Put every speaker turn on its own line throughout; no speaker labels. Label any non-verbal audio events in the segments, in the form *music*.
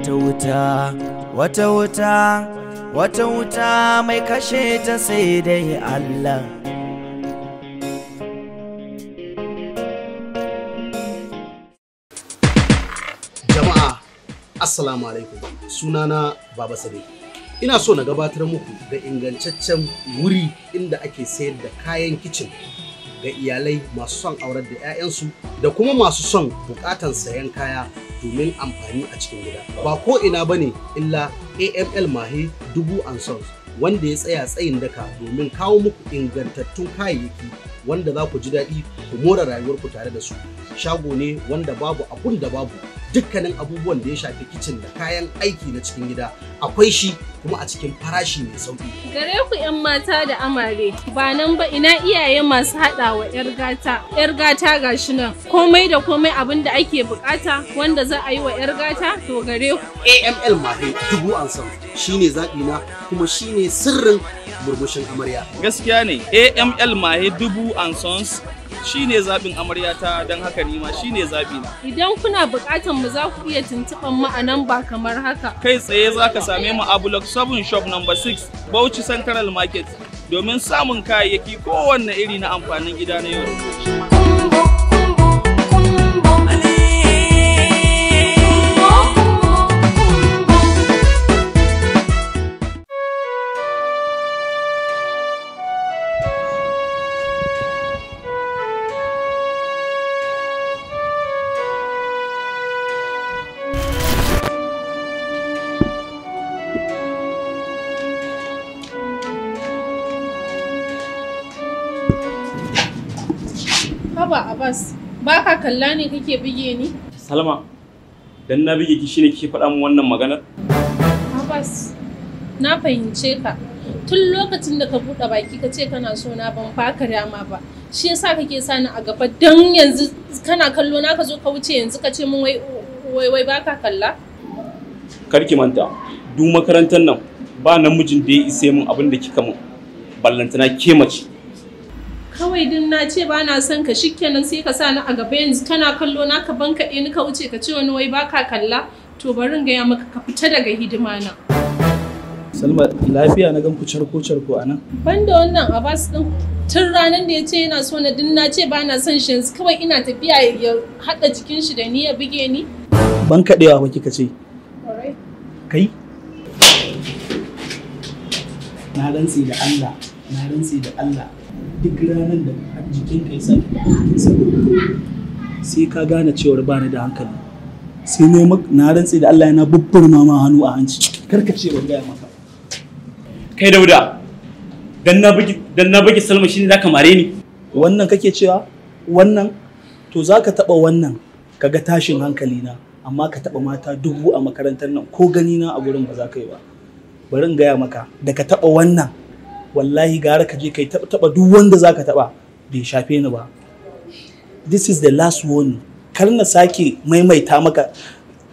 wata wuta wata wuta wata wuta mai kashe ta sai dai Allah
jama'a assalamu alaikum sunana baba sabi ina so na gabatar muku da ingantaccen wuri inda ake sayar da kayan kicin ga iyalai masu son aurar da 'ya'yansu da kuma masu son bukatan sayan kaya domin amfani a cikin gida ba ko ina bane illa aml mahe dubu and sons wanda ya tsaya tsayin daka domin kawo muku ingantattun kayayyaki wanda za ku ji daɗi ku more rayuwarku tare da su shago ne wanda babu abun da babu dukkanin abubuwan da ya shafi kicin da kayan aiki na cikin gida akwai shi kuma a cikin farashi mai sauki.
Gare ku 'yan mata da amare ba nan ba ina iyaye masu haɗawa 'yar gata. 'Yar gata ga shi nan komai da komai abin da ake bukata wanda za a yi wa 'yar gata to gare ku.
AML Mahe dubu ansan shi ne na kuma shi ne sirrin murmushin amarya. Gaskiya ne AML Mahe dubu sons shine zaɓin amaryata don haka nima shine zaɓi na.
Idan kuna buƙatar mu za ku iya tuntuɓan mu a nan ba kamar haka.
Kai tsaye za ka same mu a Block 7 Shop number 6 Bauchi Central Market domin samun kayayyaki kowanne iri na amfanin gida na yau da gobe.
Baba Abbas, ba ka kalla ne kake bige ni?
Salma, dan na bige ki shine kike faɗa min wannan maganar?
Abbas, na fahimce ka. Tun lokacin da ka buɗe baki ka ce kana so na ban baka dama ba. Shi yasa kake sa ni a gaba dan yanzu kana kallo na ka zo ka wuce yanzu ka ce min wai wai wai baka kalla?
Karki manta, duk makarantar nan ba namijin da ya isa min abin da kika min. Ballantana ke mace.
kawai din na ce ba na son ka shikenan sai ka sa ni a gaba yanzu kana kallo na ka banka ɗaya ni ka wuce ka ce wani wai baka kalla to bari in gaya maka ka fita daga hidima na.
Salma lafiya na gan ku charko charko a nan.
Ban da wannan Abbas din tun ranar da ya ce yana so na din na ce ba na son shi yanzu kawai ina tafiya ya haɗa jikin shi da ni ya buge ni.
Ban kaɗewa ba kika ce. Kai? Na rantsi da Allah, na rantsi da Allah duk ranar da jikin ka ya sake jikin sai ka gane cewar bani da hankali sai ne na rantse da Allah yana bubbar ma hannu a hanci karka ce ban gaya maka kai dauda dan na baki dan na bugi salma shine zaka mare ni wannan kake cewa wannan to zaka taba wannan kaga tashin hankali na amma ka taba mata dubu a makarantar nan ko gani na a gurin ba za ka yi ba bari in gaya maka da ka taba wannan wallahi gara ka je kai taba taba duk wanda zaka taba bai shafe ni ba this is the last one kar na sake maimaita maka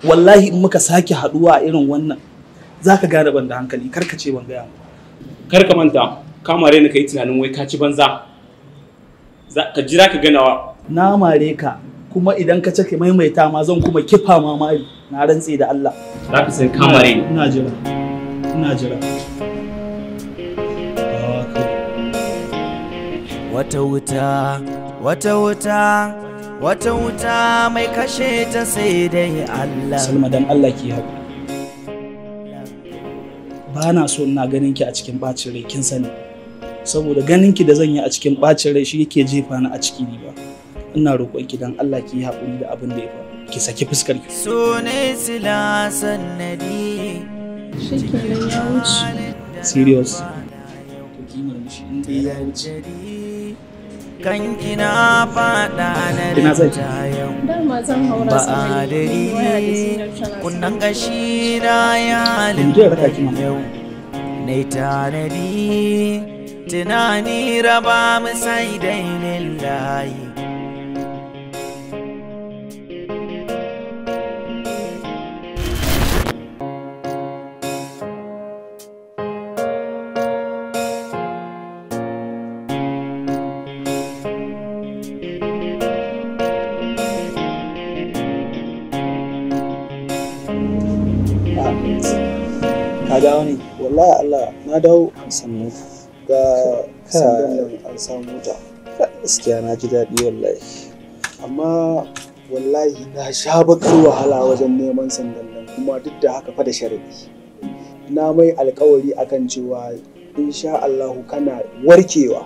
wallahi in muka sake haduwa a irin wannan zaka gane ban da hankali kar ka ce ban gaya kar ka manta ka mare ni kai tunanin wai ka ci banza ka jira ka ganawa na mare ka kuma idan ka cike maimaita ma zan kuma kifa ma mari na rantse da Allah
za ka san ka mare ina jira ina jira wata wuta wata wuta wata wuta mai kashe ta sai dai Allah Salma dan Allah
ki haɗu ba na so ina ganin ki a cikin bacin rai kin sani saboda ganin ki da zan yi a cikin bacin rai shi yake jefa ni a ciki ba ina roƙon ki dan Allah ki haƙuri da abin da ya faru ki saki fuskar ki so
ne sila sannadi shikenan ya wuce serious to
kimar mishi in ya wuce
kankina fada na jayan ba a dari kunnan gashi na yalin yau ne tanadi tunani raba musai dainin layi
ka dawo ne wallahi Allah na dawo sannan ga sandan an samu mota gaskiya na ji daɗi wallahi
amma wallahi na sha bakar wahala wajen neman sandan nan kuma duk da haka fa da sharadi na mai alkawari akan cewa insha Allahu
kana warkewa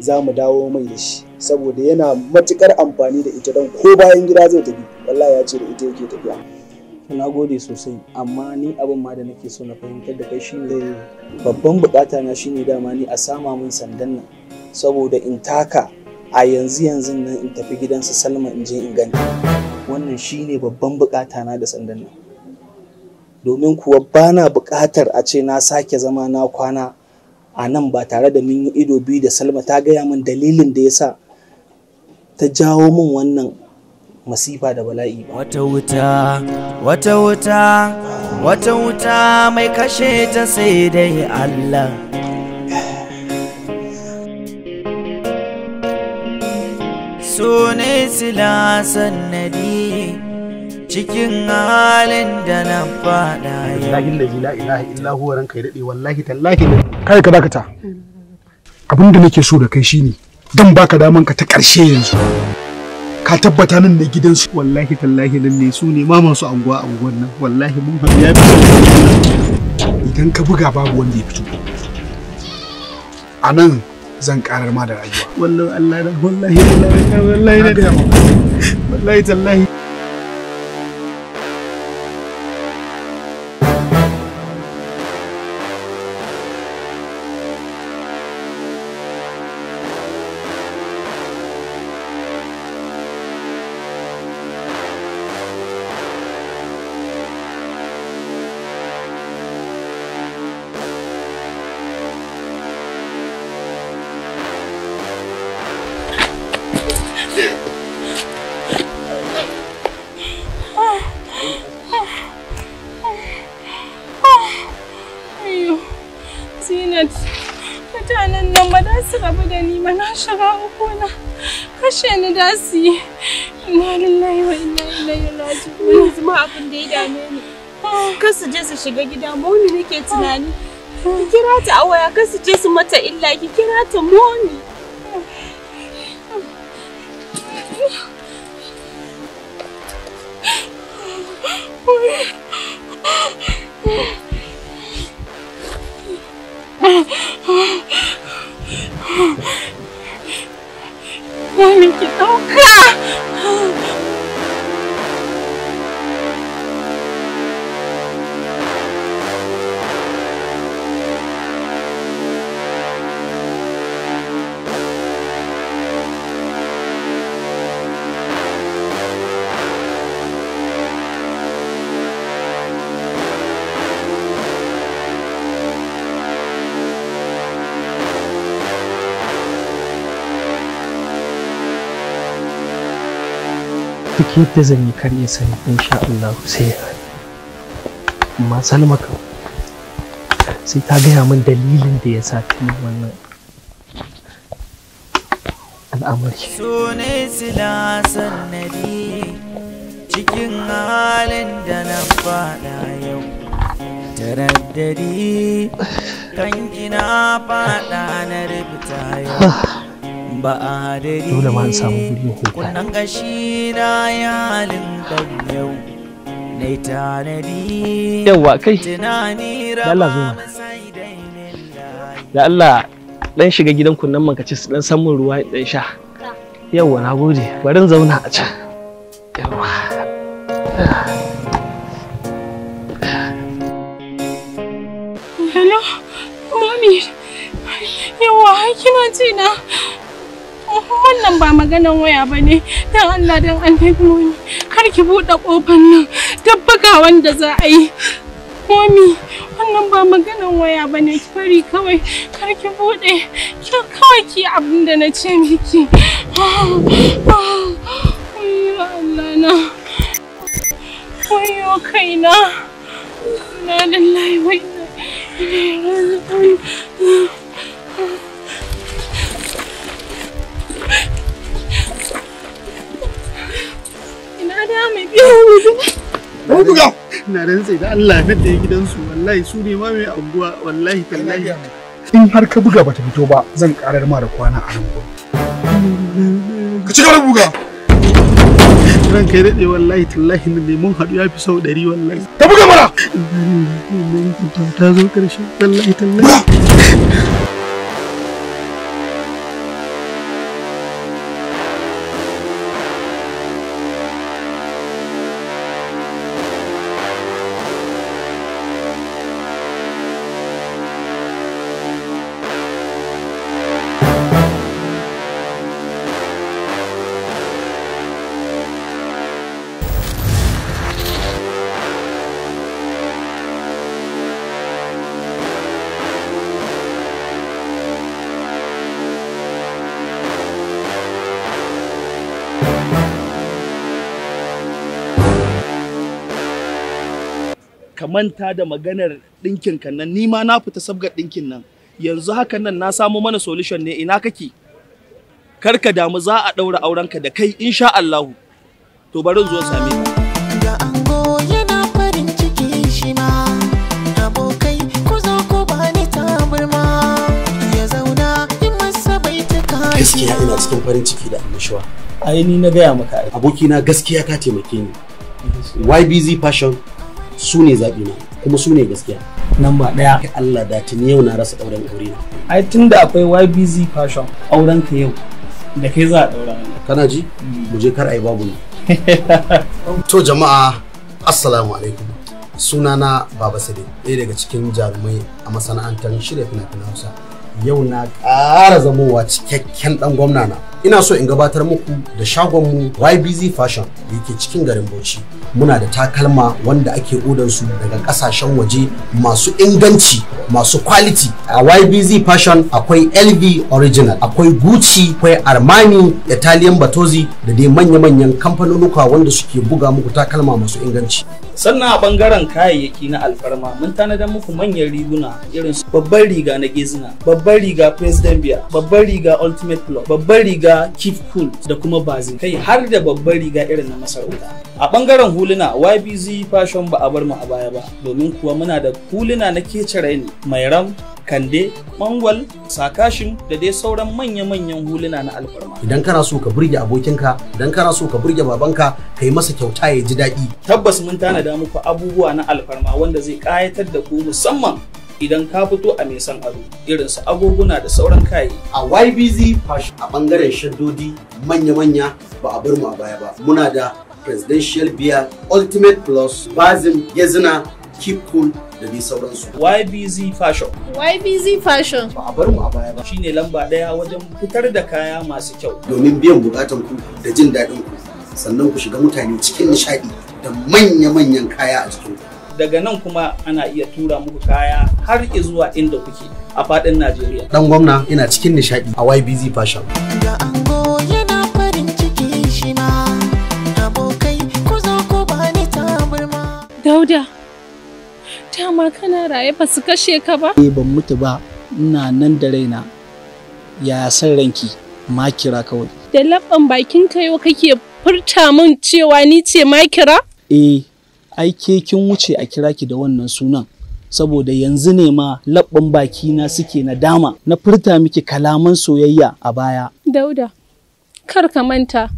za mu dawo mai da shi saboda yana matukar amfani da ita don ko bayan gida zai tafi wallahi ya ce da ita yake tafiya na gode sosai amma ni abin ma da nake so na fahimtar da kai shine babban bukata na shine dama ni a sama min sandan nan saboda in taka a yanzu yanzu nan in tafi gidan su salma in je in gani wannan shine babban bukata na da sandan nan domin kuwa bana bukatar a ce na sake zama na kwana a nan ba tare da mun yi ido biyu da salma ta gaya min dalilin da ya sa ta jawo min
wannan masifa da bala'i ba wata wuta wata wuta wata wuta mai kashe ta sai dai Allah sune sila sannadi cikin halin da na fada Wallahi lahi la ilaha illa huwa ranka ya dade wallahi tallahi
kai ka dakata abinda nake so da kai shine dan baka daman ka ta karshe yanzu ka tabbata nan ne gidansu wallahi tallahi nan ne su ne maman su anguwa a anguwan nan wallahi mun haɗu ya idan ka buga babu wanda ya fito a nan zan karar ma da rayuwa wallahi Allah wallahi wallahi wallahi tallahi
shiga uku kashe ni da su yi inna lillahi wa inna ilaihi raji'un yanzu ma abin da ya dame ni ah. kar su je su shiga gida moni nake tunani ah. ki kira ta a waya kar su je su mata illa ki kira ta moni Oh 我没听到。
duk yadda zan yi kar ya sani insha Allah sai amma salma ka sai ta gaya min dalilin da ya sa ta yi wannan
al'amari
ne sila nabi cikin halin da na fada yau taraddadi kan gina fada na rubuta yau *sighs* ah. ba a dole dan yau kai
da Allah shiga gidan kunnan man kace dan samun ruwa dan sha yawa nagode bari zauna a can yawa
Hello, mommy. Yawa, kina ji na. wannan ba maganan waya ba ne don Allah don annabi momi kar ki buɗe ƙofar nan tabbaga wanda za a yi Komi. wannan ba maganan waya ba ne ki kawai kar ki buɗe ki kawai ki abin da na ce miki Allah na wayo kaina na lallahi wai na
na rantse da Allah na da gidansu wallahi su ne ma mai anguwa wallahi tallahi in har ka buga bata fito ba zan karar ma da kwana a nan ka ci gaba buga ran kai dade wallahi tallahi ne mun hadu ya fi sau 100 wallahi ka buga mana ta zo karshe wallahi tallahi
manta da maganar ɗinkin kan nan ni ma na fita sabgar ɗinkin nan yanzu hakan nan na samu mana solution ne ina kake karka damu za a ɗaura aurenka da kai insha Allahu to bari zo same ni. gaskiya ina cikin farin ciki da annashuwa ai ni na gaya
maka abokina gaskiya ka taimake ni YBZ Fashion su ne zaɓi na
kuma su ne gaskiya nan ba ɗaya ka Allah da tuni yau na rasa auren aure na ai da akwai YBZ fashion auren ka yau da kai za a ɗaura kana ji mm. mu je kar
ai babu ne *laughs* to jama'a assalamu alaikum sunana baba sade ɗaya daga cikin jarumai a masana'antar shirya fina-finan hausa yau na ƙara zamowa cikakken ɗan gwamna na ina so in gabatar muku da shagon mu. YBZ Fashion da yake cikin garin Bauchi. Muna da takalma wanda ake su daga kasashen waje masu inganci, masu quality. A YBZ Fashion akwai LV Original, akwai Gucci, akwai Armani, Italian Batozi da dai manya-manyan kamfanonuka wanda suke buga muku takalma masu inganci.
Sannan a bangaren kayayyaki na alfarma mun tanadar muku manyan riguna irin su babban riga na gezina, babban riga President Bia, babban riga Ultimate Plus, babban riga riga keep cool da kuma bazin kai har da babban riga irin na masarauta a bangaren huluna YBZ fashion ba a bar mu a baya ba domin kuwa muna da huluna na kecere mairam. mai ram kande mangwal sakashin da dai sauran manya-manyan huluna na alfarma idan
kana so ka burge abokinka idan kana so
ka burge babanka ka yi masa kyauta ya ji daɗi tabbas mun tanada muku abubuwa na alfarma wanda zai ƙayatar da ku musamman idan ka fito a mai son ado irin su agoguna da sauran kayi. A YBZ fashion a bangaren shaddodi manya-manya ba a bar mu a
baya ba. Muna da Presidential Beer, Ultimate Plus, Bazin, Yazina, Keep Cool da dai sauransu. YBZ Fashion.
YBZ Fashion. Ba a bar mu a baya ba.
Shine lamba ɗaya wajen fitar da kaya masu kyau.
Domin biyan bukatan ku da jin daɗin ku.
Sannan ku shiga mutane cikin nishaɗi da manya-manyan kaya a cikin ku. daga nan kuma ana iya tura muku kaya har zuwa inda kuke a fadin Najeriya. Dan gwamna
ina cikin nishaɗi a YBZ Fashion.
Da ango ma kana raye ba su kashe ka ba? Eh
ban mutu ba, ina nan da raina. Ya san ranki, ma kira kawai.
Da labban bakin kai yau kake furta min cewa ni ce ma kira?
Eh, ai ke kin wuce a kira ki da wannan sunan saboda yanzu ne ma labban baki na suke na dama na furta miki kalaman soyayya a baya
dauda kar ka manta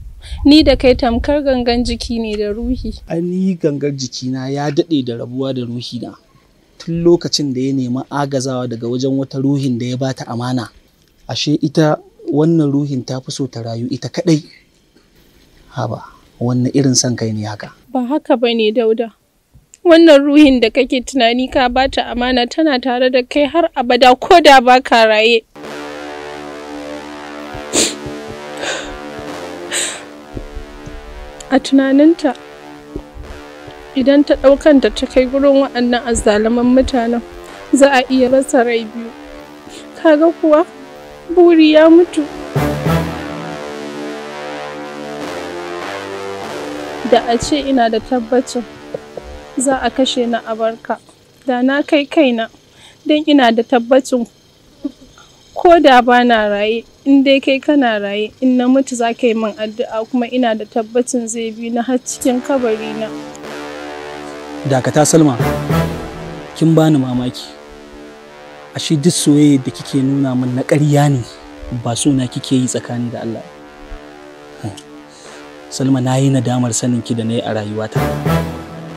ni da kai tamkar gangan jiki ne da ruhi
ai ni gangan jikina ya daɗe da rabuwa da ruhi na tun lokacin da ya nemi agazawa daga wajen wata ruhin da ya bata amana ashe ita wannan ruhin ta fi so ta rayu ita kadai haba wannan irin son kai ne haka
Ba haka ba ne Dauda. Wannan ruhin da kake tunani ka bata amana tana tare da kai har abada ko da ba ka raye. A tunaninta, idan ta ɗaukanta ta kai wurin waɗannan azzaluman mutanen, za a iya rasa rai biyu. Kaga kuwa, buri ya mutu. da a ce ina da tabbacin za a kashe ni a barka da na kai kaina don ina da tabbacin ko da ba na raye in dai kai kana raye in na mutu za ka yi min addu'a kuma ina da tabbacin zai bi na har cikin kabari na.
dakata salma kin bani mamaki ashe duk soyayya da kike nuna min na ƙarya ne ba suna kike yi tsakani da allah Salma na yi nadamar sanin ki da na yi a rayuwata.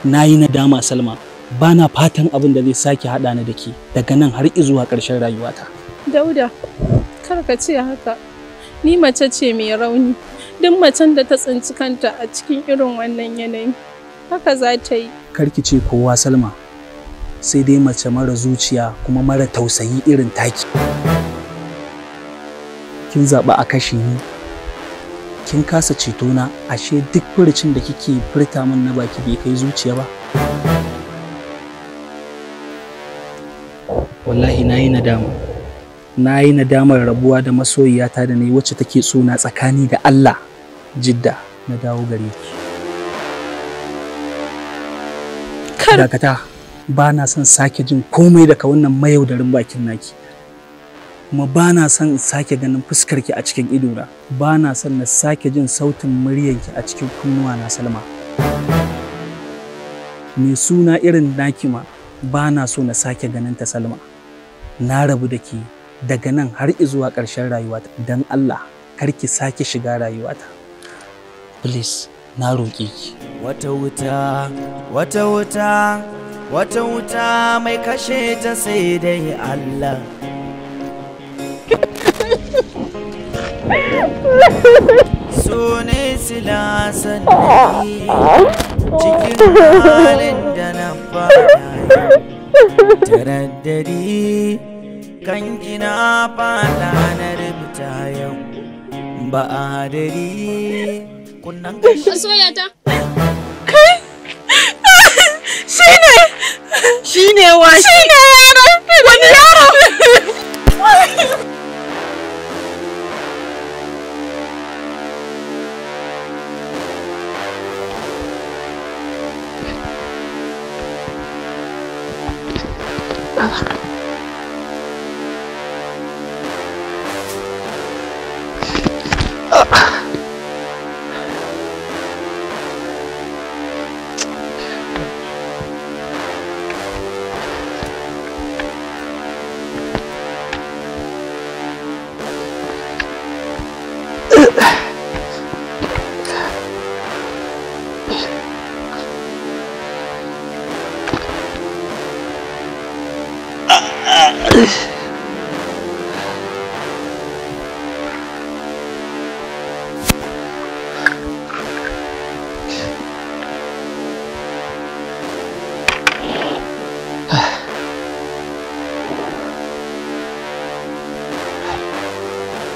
Na yi nadama Salma ba na fatan abin da zai sake haɗa ni da ke daga nan har izuwa ƙarshen rayuwata.
Dauda, kar ka ce haka. Ni mace ce mai rauni, duk macen da ta tsinci kanta a cikin irin wannan yanayi. Haka za ta yi.
Kar ki ce kowa Salma, sai dai mace mara zuciya kuma mara tausayi irin taki. Kin zaɓi a kashe ni kin kasa ceto na ashe duk furucin da kike furta min na baki bai kai zuciya ba wallahi na yi nadama na nadamar rabuwa da masoyiyata da na wacce take tsona tsakani da Allah jidda na dawo gare ki dakata ba na son sake jin komai daga wannan mayaudarin bakin naki kuma ba na son sake ganin fuskar ki a cikin idona ba na son na sake jin sautin muryar ki a cikin kunnuwa na salma mai suna irin naki ma ba na so na sake ganin ta salma na rabu da ke daga nan har zuwa ƙarshen rayuwata don allah kar ki sake shiga rayuwata please
na roƙe ki wata wuta wata wuta wata wuta mai kashe ta sai dai allah Sune sila sanadi cikin halin da na fara taraddadi kan gina fada na rubuta yau ba a kunnan wa yaro! Wani yaro! *laughs* 了。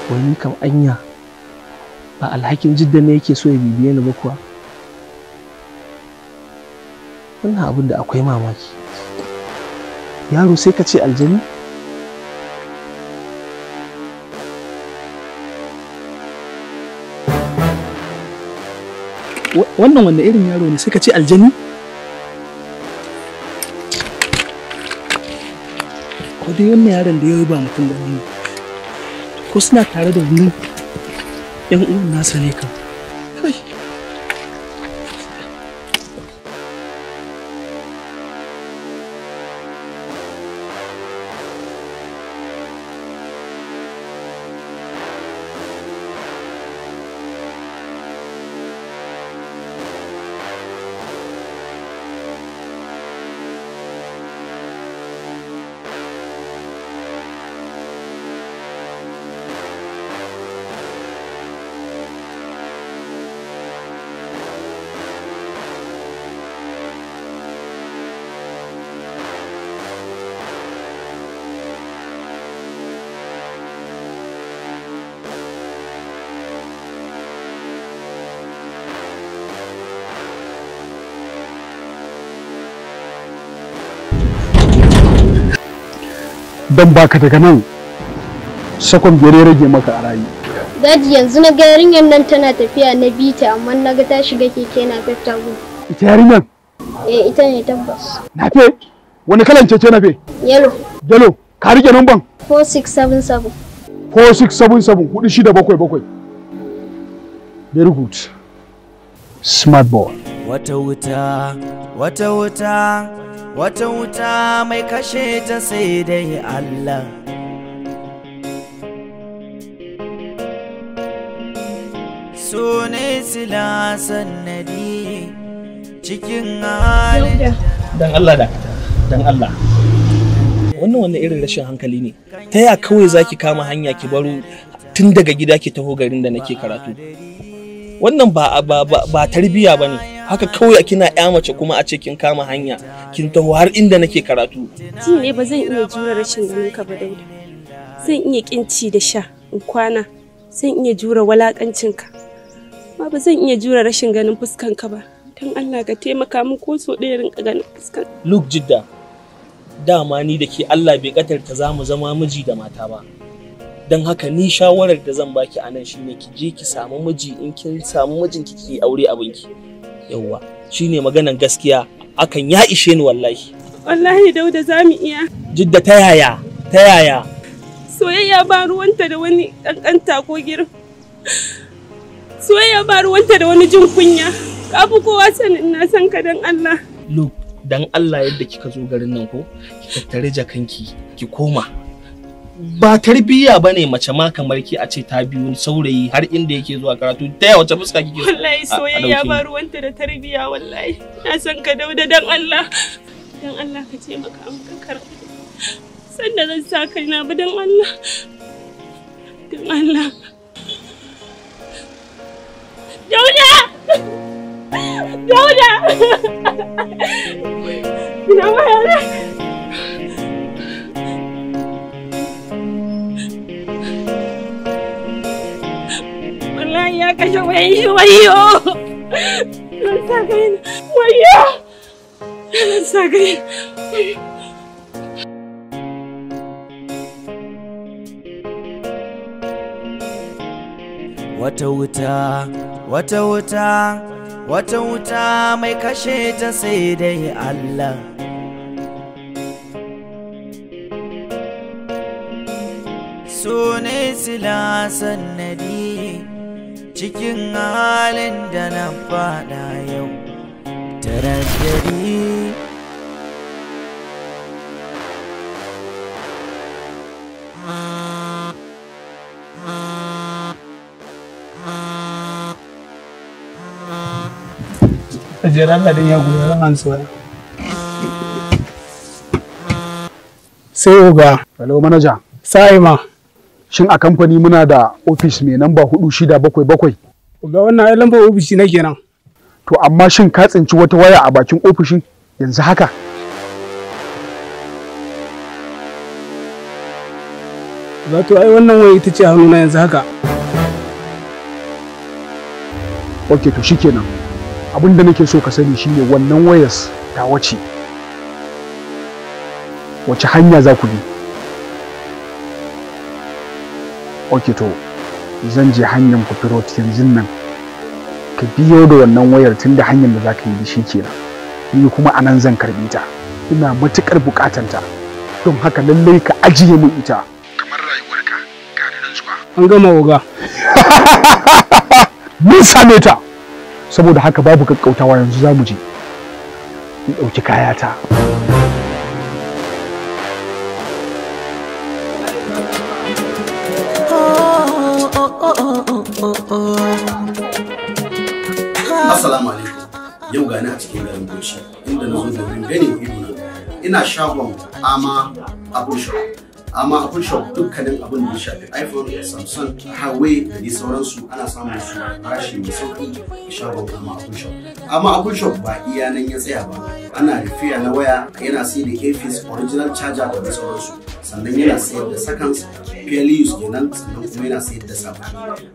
wani kam anya ba alhakin jidda ne yake so ya bibiye ni ba kuwa wannan abin da akwai mamaki yaro sai ka ce aljani wannan wanda irin yaro ne sai ka ce aljani ko dai wannan yaron da ya ba mutum da ne ko suna tare da wani yan uwan nasa ne kan
dan baka daga nan sakon gere rage maka a rayu
daji yanzu na ga yarinyar nan tana tafiya na bita amma na ga ta shiga keke na fita gu ita yarinyar eh ita ne tabbas
na fe wani kalan cece na fe yellow yellow ka rike numban
4677
4677 hudu shida bakwai bakwai very good smart boy
wata wuta wata wuta wata wuta mai kashe ta sai dai Allah so ne sila sannadi cikin halin
dan Allah da dan Allah wannan wannan irin rashin hankali ne ta ya kawai zaki kama hanya ki baro tun daga gida ki taho garin da nake karatu wannan ba ba ba, ba tarbiya bane haka kawai kina ya mace kuma a ce kin kama hanya kin taho har inda nake karatu
ji ne ba zan iya jura rashin ganin ka ba dauda zan iya kinci da sha in kwana zan iya jura walakancin ka ba, ba zan iya jura rashin ganin fuskan ka ba dan Allah ka taimaka min ko so ɗaya rinka ganin fuskan
Luke Jidda dama ni da ke Allah bai katarta za mu zama miji da mata ba don haka ni shawarar da zan baki a nan shine ki je ki samu miji in kin samu mijinki ki aure abinki yawwa ne maganan gaskiya akan ya ishe ni wallahi
wallahi dauda za mu iya
jidda ta yaya ta yaya
soyayya ba ruwanta da wani kankanta ko girin soyayya ba ruwanta da wani jin kunya ka fi kowa sanin na san ka dan Allah
look dan Allah yadda kika zo garin nan ko ki tattare jakanki ki koma ba tarbiyya ba ne mace ma kamar ki a ce ta biyu saurayi har inda yake zuwa karatu ta wace fuska kike wallahi soyayya
ba ruwanta da tarbiyya wallahi na san ka dauda dan Allah dan Allah ka ce maka an ka karatu sanda zan sa kai na ba dan Allah dan Allah Dauda Dauda *laughs* Ina ma yana! ya kashe wayan shi
wata wuta wata wuta wata wuta mai kashe ta sai dai Allah sune sila sannadi cikin halin da na fada yau
taraddadi
ajiyar Allah din ya goyi ran hansuwa sai oga hello manager sa'ima shin a kamfani muna da ofis mai namba hudu shida bakwai bakwai ga wannan ai lambar ofishi na kenan to amma shin ka tsinci wata waya a bakin ofishin yanzu haka
Zato ai wannan waya ita ce hannu na yanzu haka.
Ok to shikenan. Abin da nake so ka sani shine wannan wayas ta wace. Wace hanya za ku bi? Okito, zan je hanyar kufirot yanzun nan ka biyo da wannan wayar tun da hanyar da za ka yi da shi kenan ni kuma a nan zan karɓi ta ina matukar buƙatar ta don haka lallai ka ajiye min ita kamar rayuwarka ga da an gama oga *laughs* mun same ta saboda haka babu kakkautawa yanzu za mu je in ɗauki kayata.
Assalamu
alaikum. Yau gani a cikin garin Bauchi inda na zo domin ganin idona. Ina shagon Ama Apple Shop. Ama Apple Shop dukkanin abin da ya shafi iPhone, Samsung, Huawei da dai sauransu ana samun su farashi mai sauki a shagon Ama Apple Shop. Ama Apple Shop ba iya nan ya tsaya ba. Ana rufiya na waya yana sai da Airfix original charger da sauransu. sannan yana sayar da seconds fairly kenan sannan kuma yana sayar da sabbi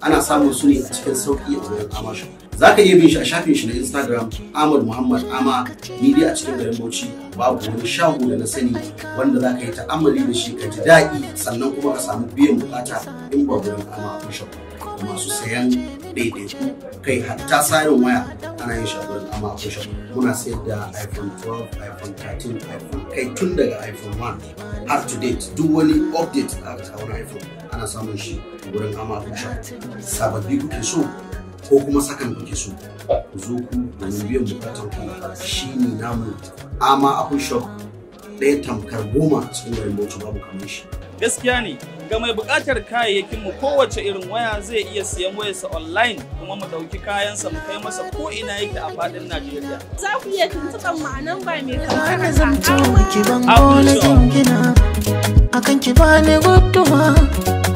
ana samun su ne a cikin sauki a wurin amashi za ka iya bin shi a shafin shi na instagram ahmad muhammad ama ni dai a cikin garin bauchi babu wani shago da na sani wanda za ka yi ta'amali da shi ka ji daɗi sannan kuma ka samu biyan bukata in ba wurin ama masu sayan daidaiku kai hatta sayan waya ana yin shagurin amma akwai shagurin muna sayar da iphone 12 iphone 13 iphone kai tun daga iphone 1 up to date duk wani update da aka kawo iphone ana samun shi wurin amma akwai shagurin sababbi kuke so ko kuma sakan kuke so ku zo ku domin biyan bukatan ku shi ne namu amma akwai shagurin ɗaya tamkar goma a cikin garin Bauchi babu kamar shi.
Gaskiya ne, ga mai buƙatar kayayyakin mu kowace irin waya zai iya siyan wayarsa online kuma mu ɗauki kayansa mu kai masa ko ina
yake a faɗin Najeriya.
Za ku iya tuntuɓar mu a nan ba
mai kamar Akan ki bani guduma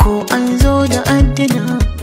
ko an
zo da addina.